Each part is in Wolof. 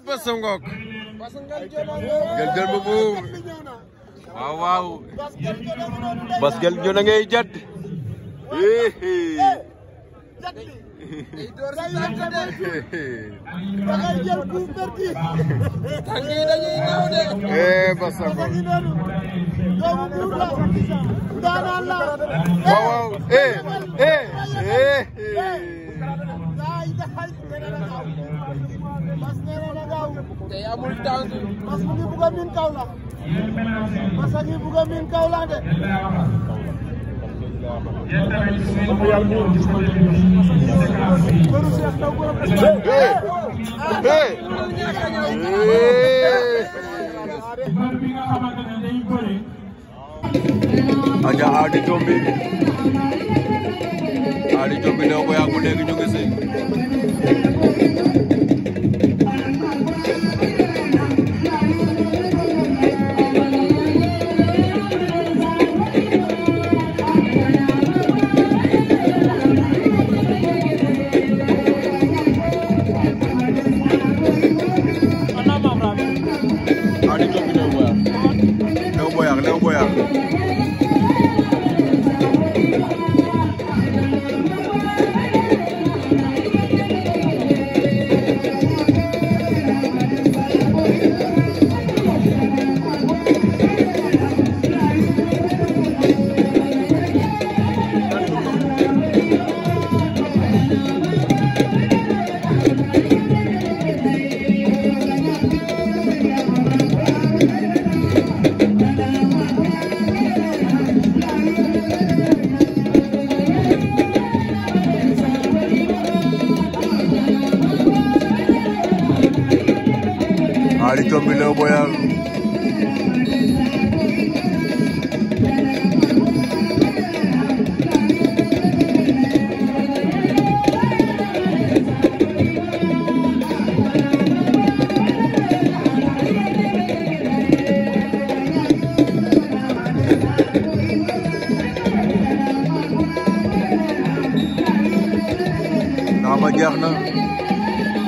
pasungok. Jaljar bubu. Wow wow. Basgal jo nange ijat. Eh pasungok. Wow wow. Eh eh eh. Bass nee na na gaaw tey amul temps Bass mu ngi bugg a miin Kaolack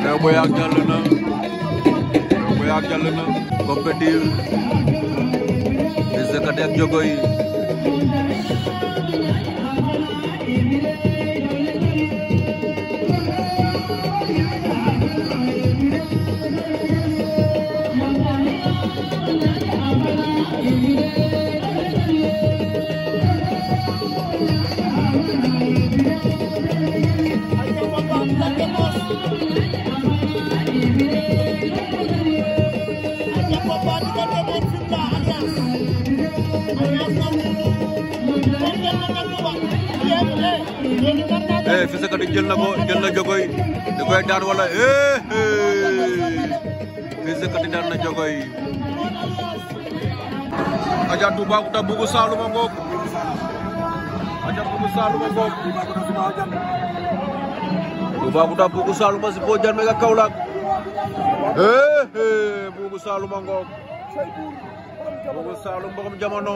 Néew bu yàgg jàll na Néew bu yàgg jàll eh Fils Katy jël na ko jël na Jogoy Jogoy daan wala eh Fils Katy daan na Jogoy Aja Toubacouta Bougou Saloum a ngoog Aja Bougou Saloum a ngoog Toubacouta Bougou Saloum a si boo jan mega Kaolack eh eh Bougou Saloum a ngoog boobu Saalum borom jamono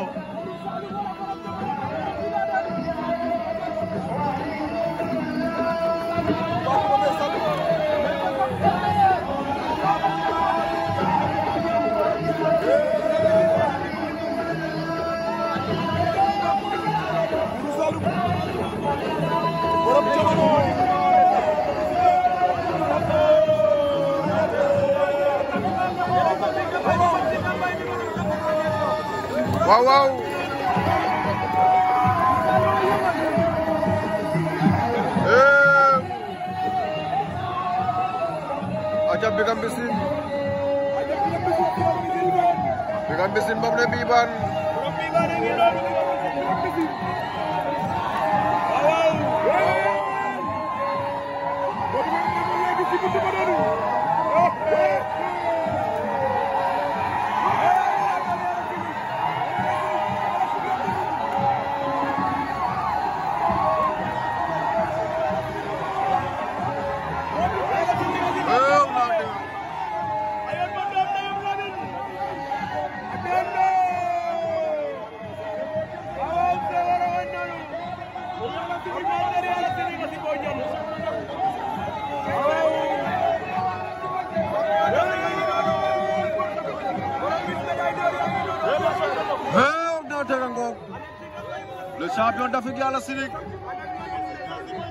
le champion d'Afrique Yalla Sirik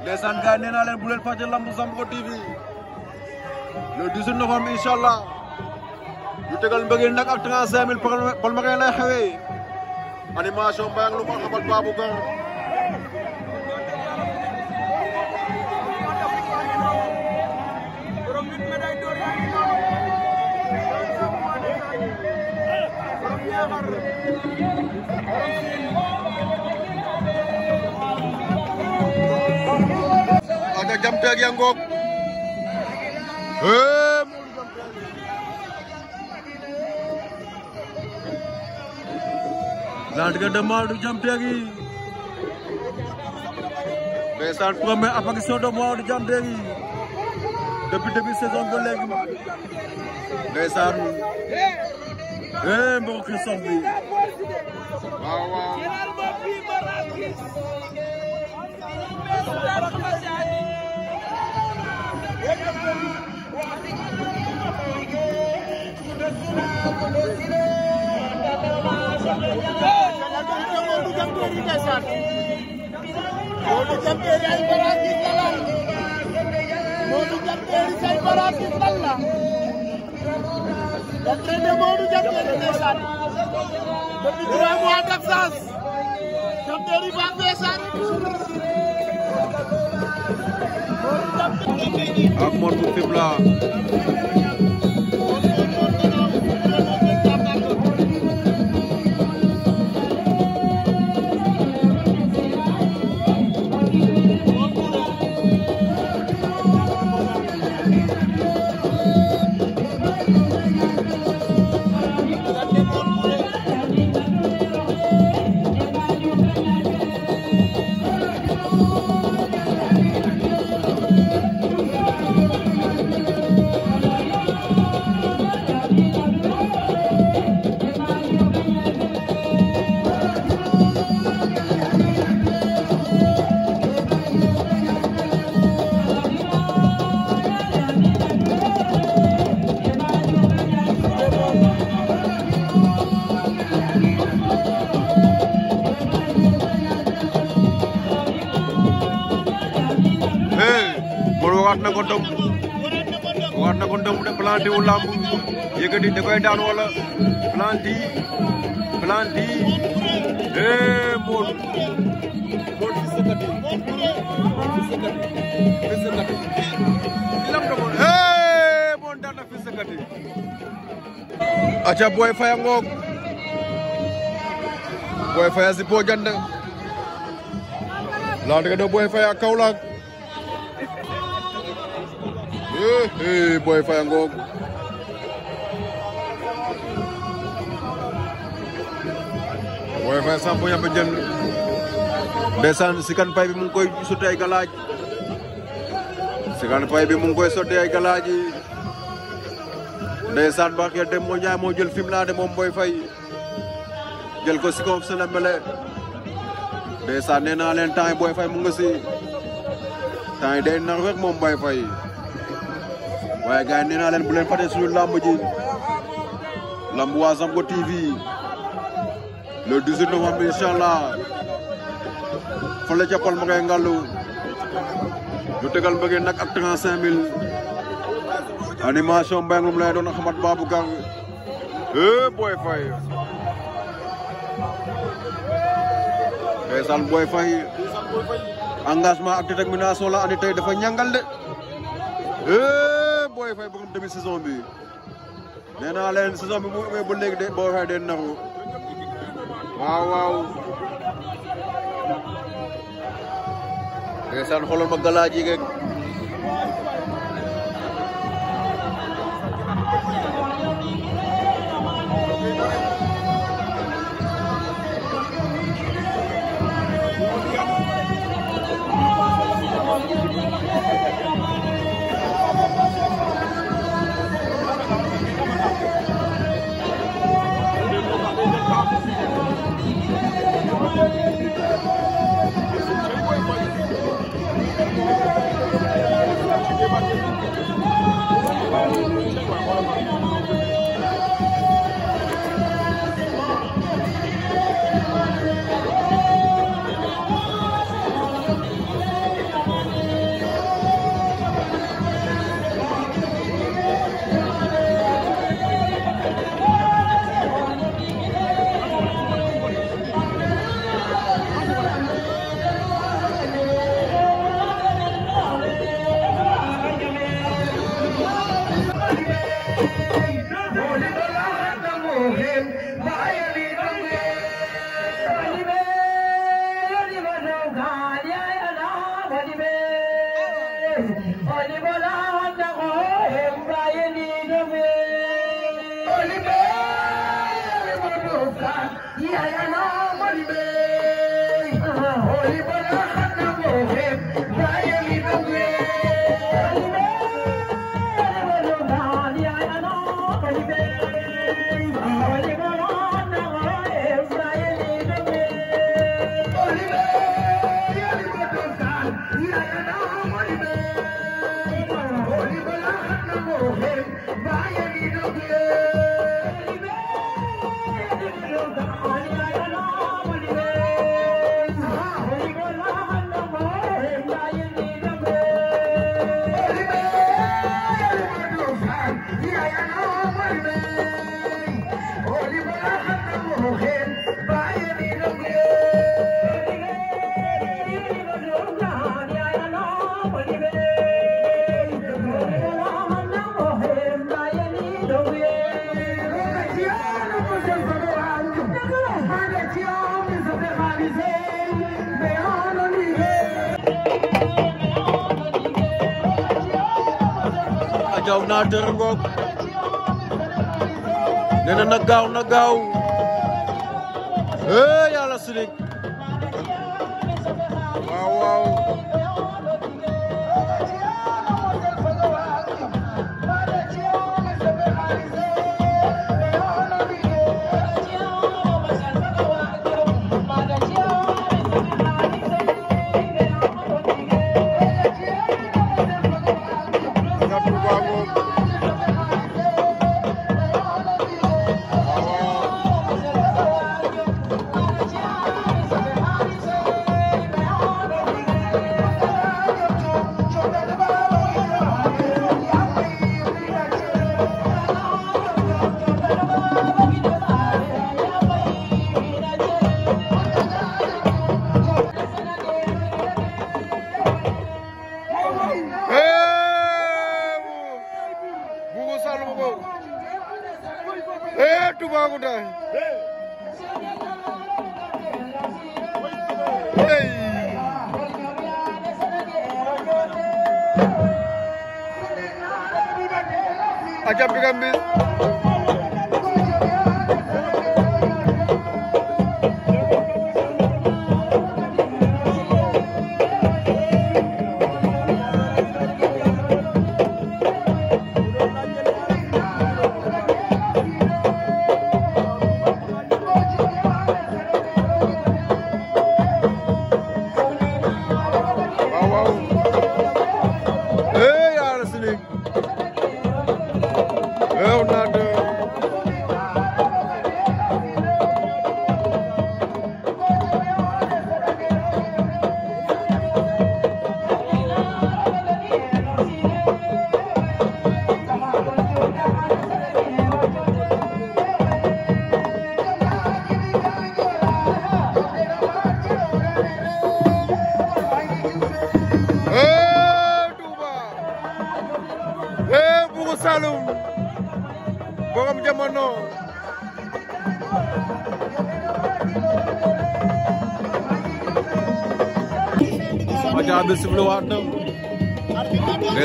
ndeysaan gaay nee naa leen bu leen fàtte lamb Zambro TV le 18 novembre incha allah ñu tegal mbëggeel nag ak 35000 palmarin lay xewee animation Mbayang Loum ak Babacar jam peeg ya ngoog hee Latir Gueye Modou jam peeg yi ndeysaan première apparition de Modou jam peeg yi depuis Modou Diamteri ay baratis la la Modou Diamteri say baratis la la entraîné Modou Diamteri ndeysaan depuis trois mois d'absence Diamteri ba ndeysaan ak Modou Fibla ndogu war na ko ndogu de Planty wu làmb yëkkati da koy daan wala Planty Planty eh Modou Modou ci sëkkati ci sëkkati ci sëkkati lam na ko eh Modou daan na fi sëkkati aca Boy Faye a ngoog Boy Faye a si Bojande laata nga doon Boy Faye a Kaolack eh boy Faye ngoog boy Faye samp yamba jën ndeysaan Sikane Faye bi mu ngi koy sotti ay galaaj Sikane Faye bi mu ngi koy sotti ay galaaj yi ndeysaan baax ya dem moo ñaay moo jël fim laa de moom boy Faye jël ko si koom sa la mele ndeysaan nee naa leen temps yi boy Faye mu nga si temps yi day nar rek moom boy Faye waye gaay neena len bu len faté suñu lamb ji lamb sam ko TV le 18 novembre incha allah fële ca ma ngay ngalu ñu tegal mbëggee nak ak 35000 animation mbay moom lay doon babu gang eh Boy fay ndeysaan Boy Faye engagement ak détermination la ani tay dafa ñangal de eh Boy Faye borom demi saison bi leen saison bi mu de Boy Faye de naxu Thank you. animateur na na gaaw na gaaw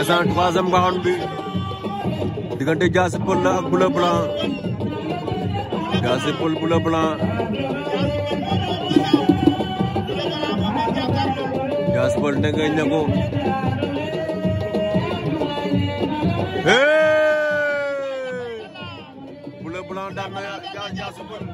ndeysaan troisième round bi diggante Diassy Peul la ak Boulo Blanc Diassy Peul Boulo Blanc Diassy Peul ne nga ñago Boulo Blanc daan na Diassy Peul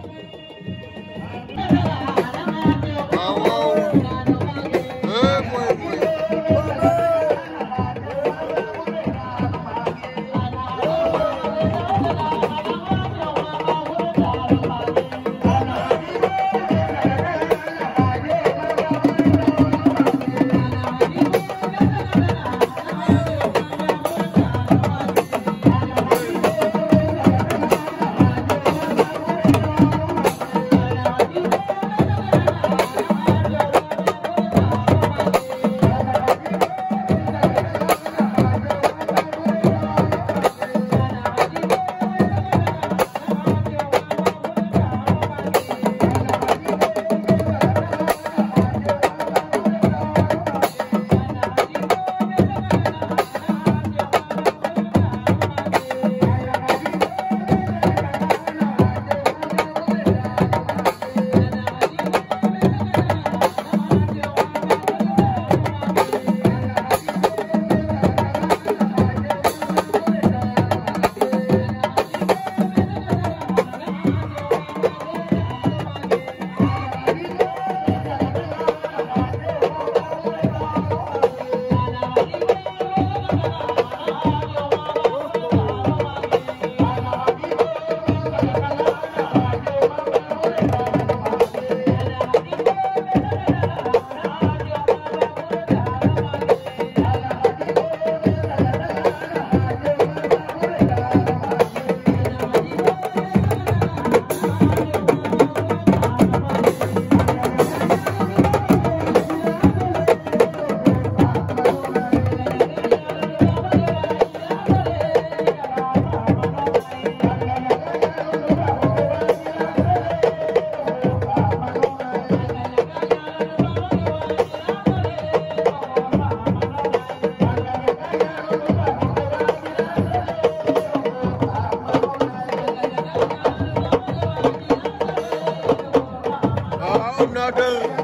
Water.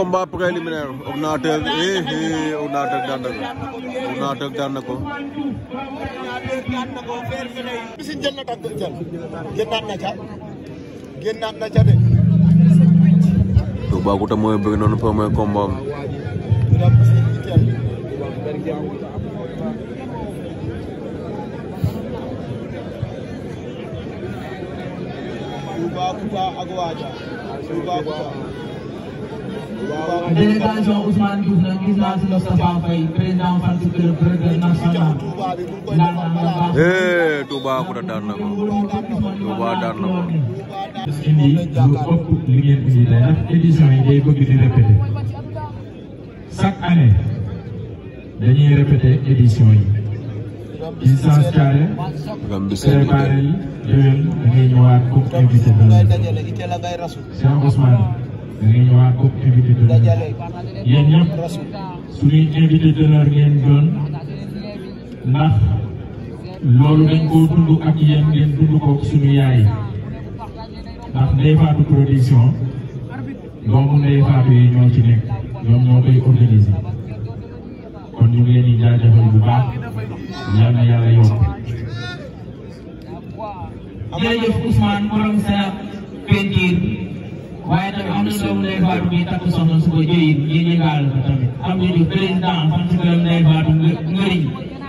combat préliminaire ordinateur eh eh ordinateur daan na ko ordinateur daan na ko. bisin jël na tànk jël génnaat na ca délégation Ousmane Diouf nag gis naa si Moustapha Faye président parti club Brother national eh, daan naa nga baax. Touba Kouta indi lu ëpp li ngeen indi la ndax yi day bëgg di répété chaque année dañuy répété édition yi distance carré préparé yi déwén da ñëwaat comme invité bi Cheikh Ousmane danañ ñëwaat comme invité d'honneur yéen ñëpp suñuy invité d'honneur ngeen doon ndax loolu dañ koo dund ak yéen dund ko suñu yaay ndax Ndeye Fatou production doomu Ndeye Fatou yi ñoo ci nekk ñoom ñoo koy organiser kon ñu ngi leen di bu baax yal na yàlla yokk. waaye tamit am na doomu Ndeye Fatou bi takk soxna su ko jëyee ñu ñu baal tamit am nañu président fan si kër Ndeye Fatou ngëriñ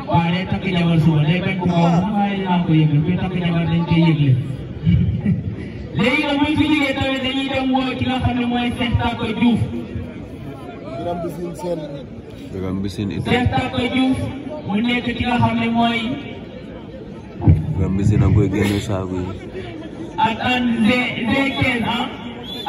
waaye day takk jabar suba day bañ ko kaw waaye dinaa ko yëgle kuy takk jabar dañ koy yëgle. léegi nag buñ fi jógee tamit dañuy dem woo ki nga xam ne mooy Cheikh Taka Diouf. Biram Mbissine Italie Cheikh Taka Diouf mu nekk ki xam ne mooy. Biram Mbissine a koy génne saagu yi. ak un D D15 ah.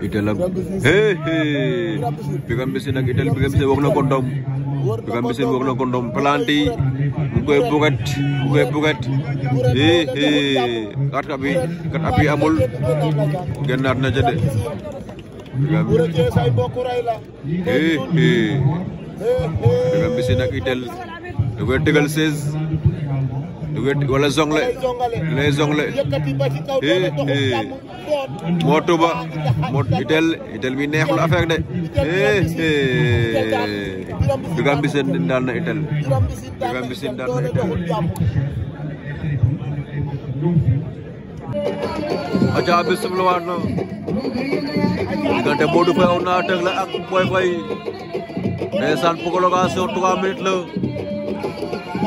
Italam. Hei, hei. Pegang besi nak Ital, pegang besi wong no kondom. Pegang besi wong no kondom. Pelanti, bukai bukat, bukai bukat. Hei, hei. Kat kapi, kat api amul. Genar na jadi. Hei, hei. Pegang besi nak Ital. The vertical says. wala zongle lay zongle moo tuba moo itel itel mi neexul affaire de Birame eh, eh. Mbissine daan na itel Birame Mbissine daan na itel aja bismillah waat na diggante Modou Faye ordinateur la ak Boy Faye ndeysaan prolongation trois minutes la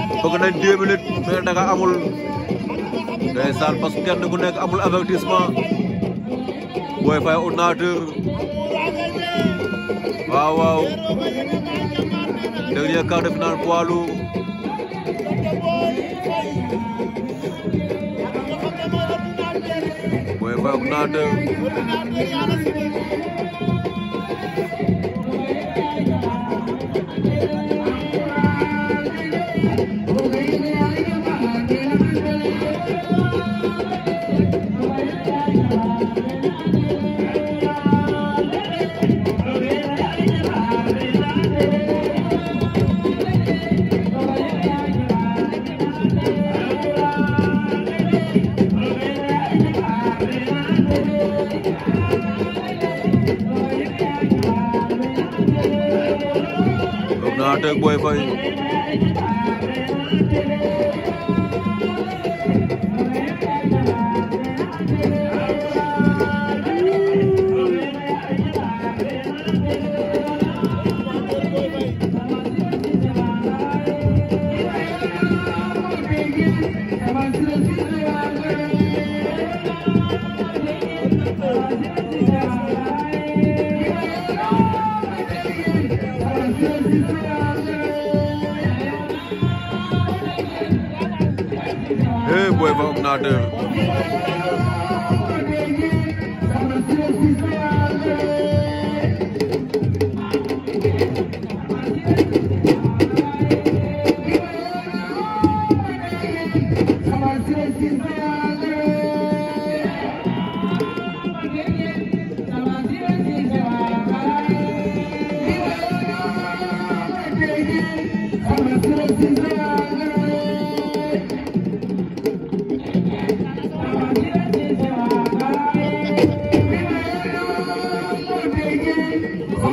bëgg nañ deux minutes mais da amul ndeysaan parce que kenn ku nekk amul a Boy Faye ordinateur waaw waaw dernier quart de finale poids lourd Boy Faye ordinateur Boy Faye not a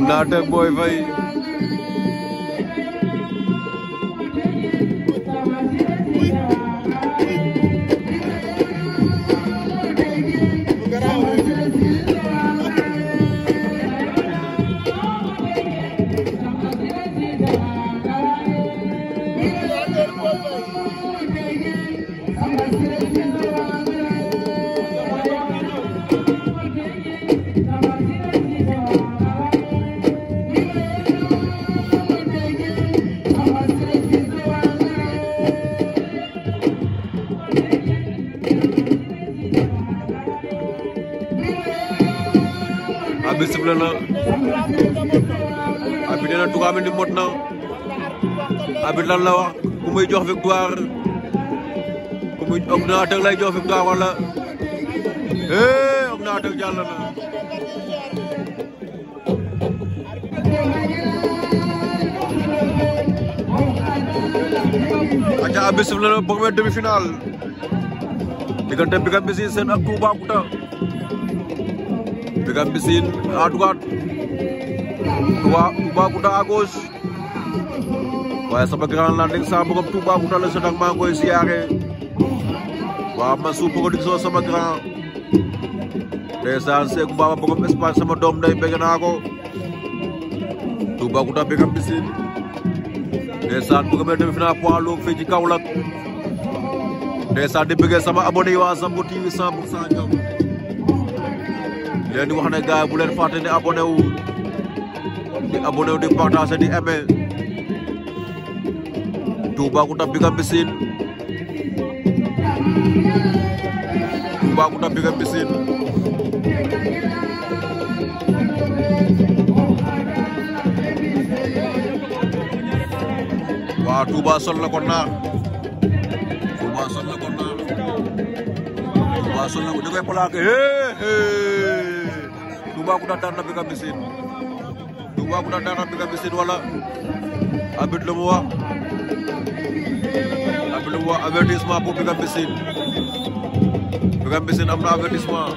नाटक boy भाई arbitre lan la wax ku muy jox victoire ku muy Ordinateur lay jox victoire wala eh Ordinateur jàll na. aca arbitre sifflé na première demi-finale diggante Biram Mbissine Sène ak Toubacouta Biram Mbissine à droite Toubacouta à gauche waaye sama grand la dégg saa borom Toubacouta la jot ak maa ngi koy siyaare waaw Massou production sama grand ndeysaan Seeku Baba borom Espagne sama doom day bëgg naa ko Toubacouta bi nga bisin ndeysaan bu nga mel demi-finale poids lourd fii ci Kaolack ndeysaan di bëggee sama abonné waa Zambro TV cent pour cent ñoom leen di wax ne gars bu leen fàtte di abonné wu di abonné di partagé di aimé duba ku tabbi ga bisin duba ku tabbi ga bisin wah duba sol na ko na duba sol na ko na duba sol na ko de ke he he duba ku datar bisin duba ku datar na bisin wala abid lo bi lu mu wax avertissement pour Birame Mbissine Birame Mbissine am na avertissement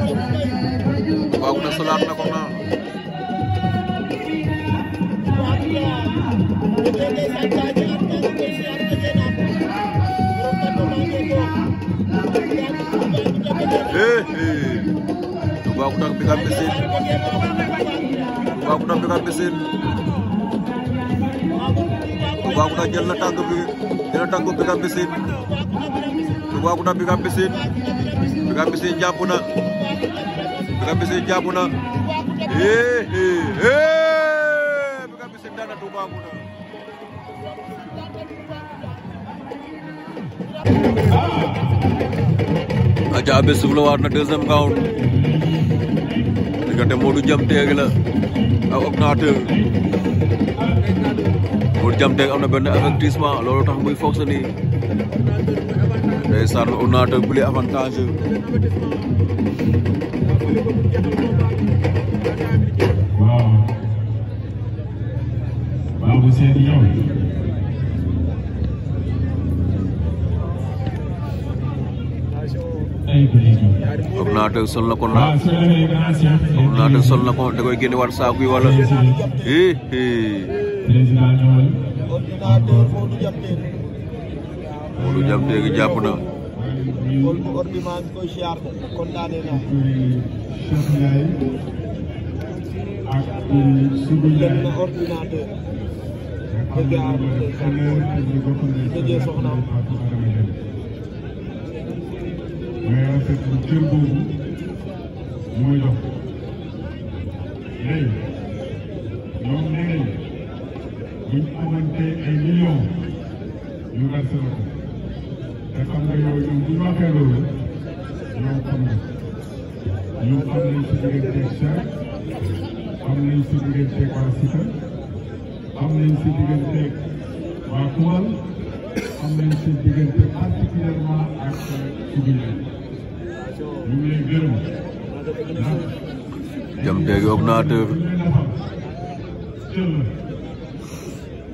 aw na solaat na ko na Tubakouta pick up the scene. Tubakouta pick up the scene. Tubakouta jël na tànk bi jël na tànk Boucar Bissing jàpp na eh eh, eh. Boucar Bissing daan na Toubacouta. Adja Abe suuf waat na deuxième round diggante Modou Diam Terry la ak Ordinateur Modou Diam Terry am na benn avertissement loolu tax muy fonctionner. ndeysaan on a un plus avantageux ordinateur sol na ko la ordinateur sol na ko da koy génne waat saaku yi wala Modou jam dégg jàpp na mais en fait cër boobu mooy dox léegi ñoom nee nañu buñ amante ay millions ñu versé la ko te xam nga yooyu ñoom bu ñu waxee loolu ñoom xam nga ñoom xam nañ si digganteeg Cheikh xam nañ si digganteeg waa Sika xam nañ si digganteeg waa Kouwal xam nañ si diggante particulièrement ak Koungheul ñu ngi lay gërëm ndax. jam teegi ordinateur.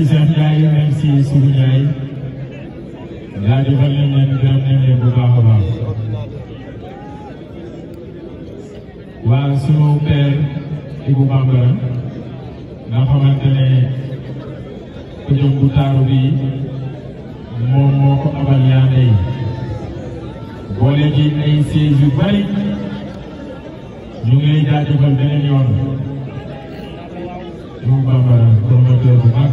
si seen njaay même si suñu njaay jaajëfal bu baax a xamante ne ku jëm bu taaru bi moom moo ko abal yaande yi boole ji ay siis yu bari ñu ngi lay jaajëfal beneen yoon Ibou Bambara promoteur bu mag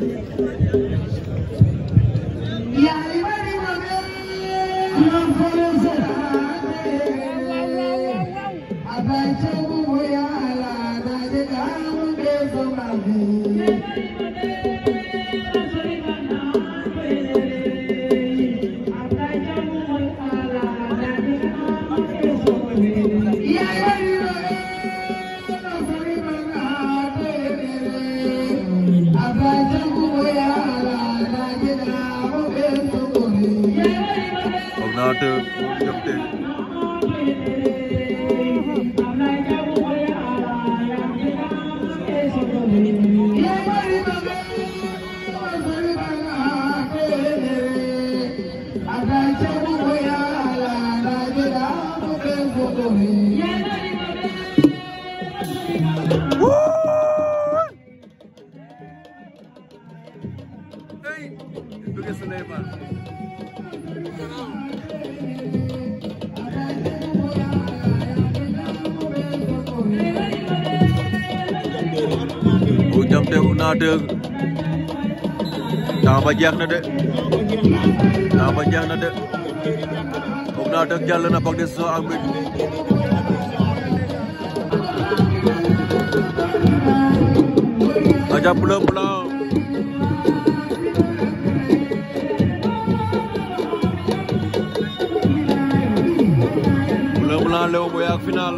Thank you. deux temps ba jeex na de temps ba jeex na de ordinateur jàll na Bac Décision ak Mbédou Aja bleu blanc bleu blanc Léo Boye ak final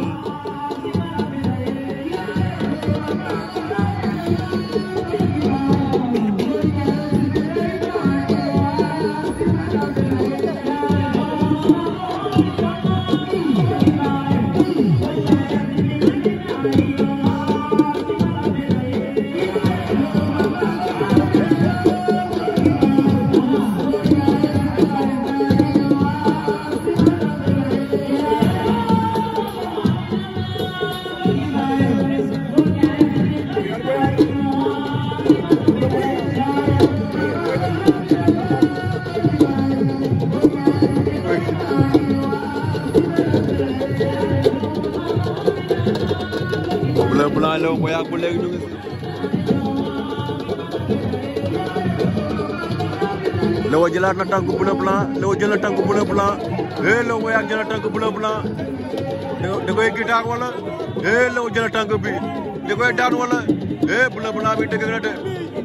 जला लट्टा गुब्बड़े अपना देखो जला लट्टा गुब्बड़े अपना हे लो वो यार जला लट्टा गुब्बड़े अपना देखो एक गिटार वाला हे लो जला लट्टा गुब्बी देखो एक डान वाला हे बुला बुला बीटे के गड़े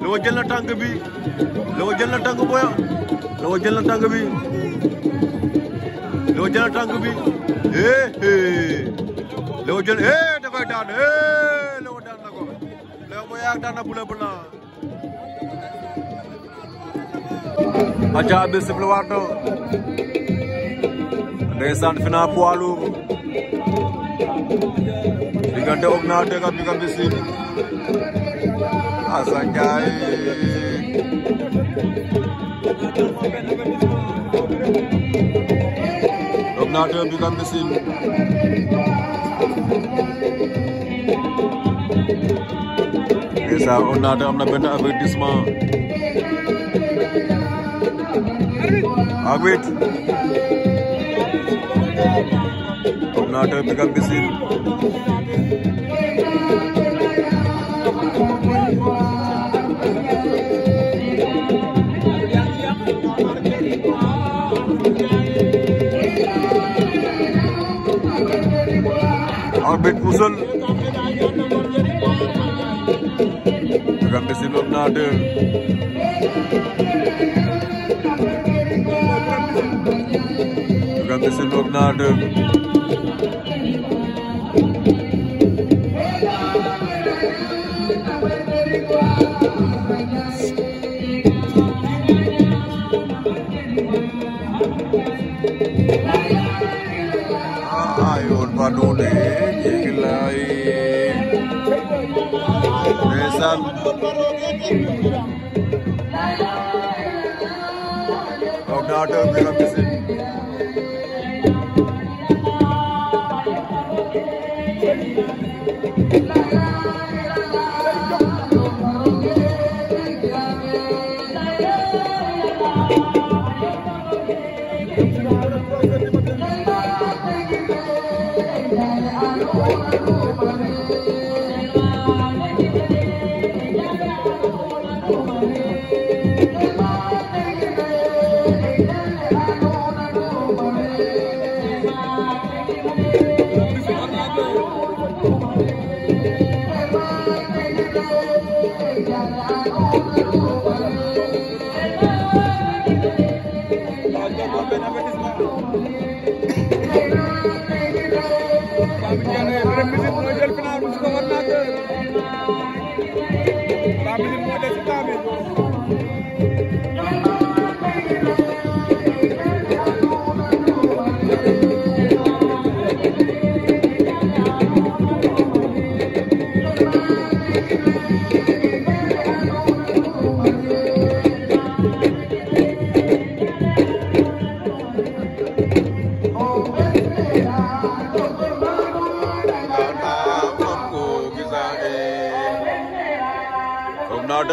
लो जला लट्टा गुब्बी लो जला लट्टा गुब्बा लो जला लट्टा गुब्बी लो जला लट्टा गुब्बी हे हे लो जला हे देखो एक डान हे लो डान लगो लो वो यार डान बुला aca be sibli waat na ndeysaan final poids lourd diggante Ordinateur ak Biram Mbissine Assane Ndiaye Ordinateur Biram Mbissine ndeysaan Ordinateur am na benn avertissement Magwit ah, Ordinator Bikam Bisil Orbit ah, Musul Bikam Bisil Ordinator tornado. Ayon panone jikilai Nesan Tornado bilang Let's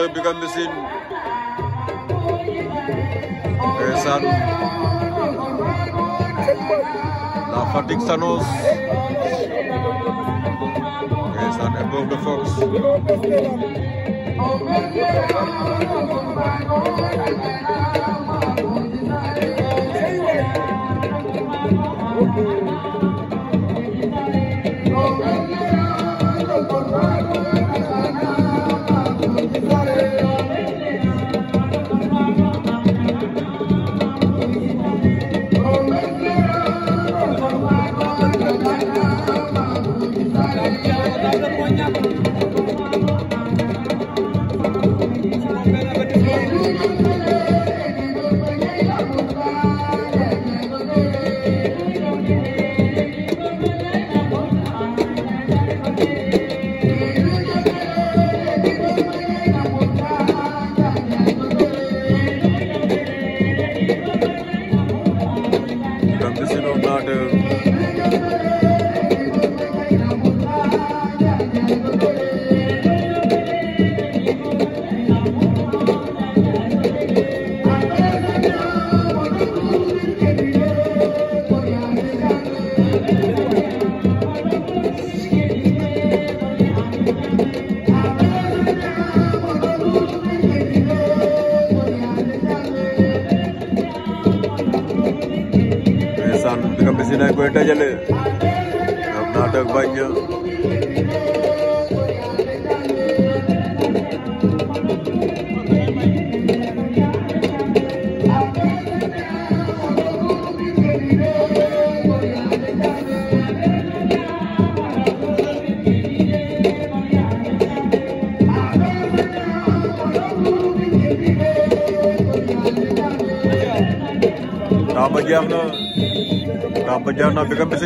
tayo bigan mesin Kesan Sanos Kesan above the fox Kesan above the fox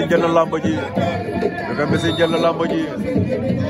jël na làmb ji Bébé Bismi jël na làmb ji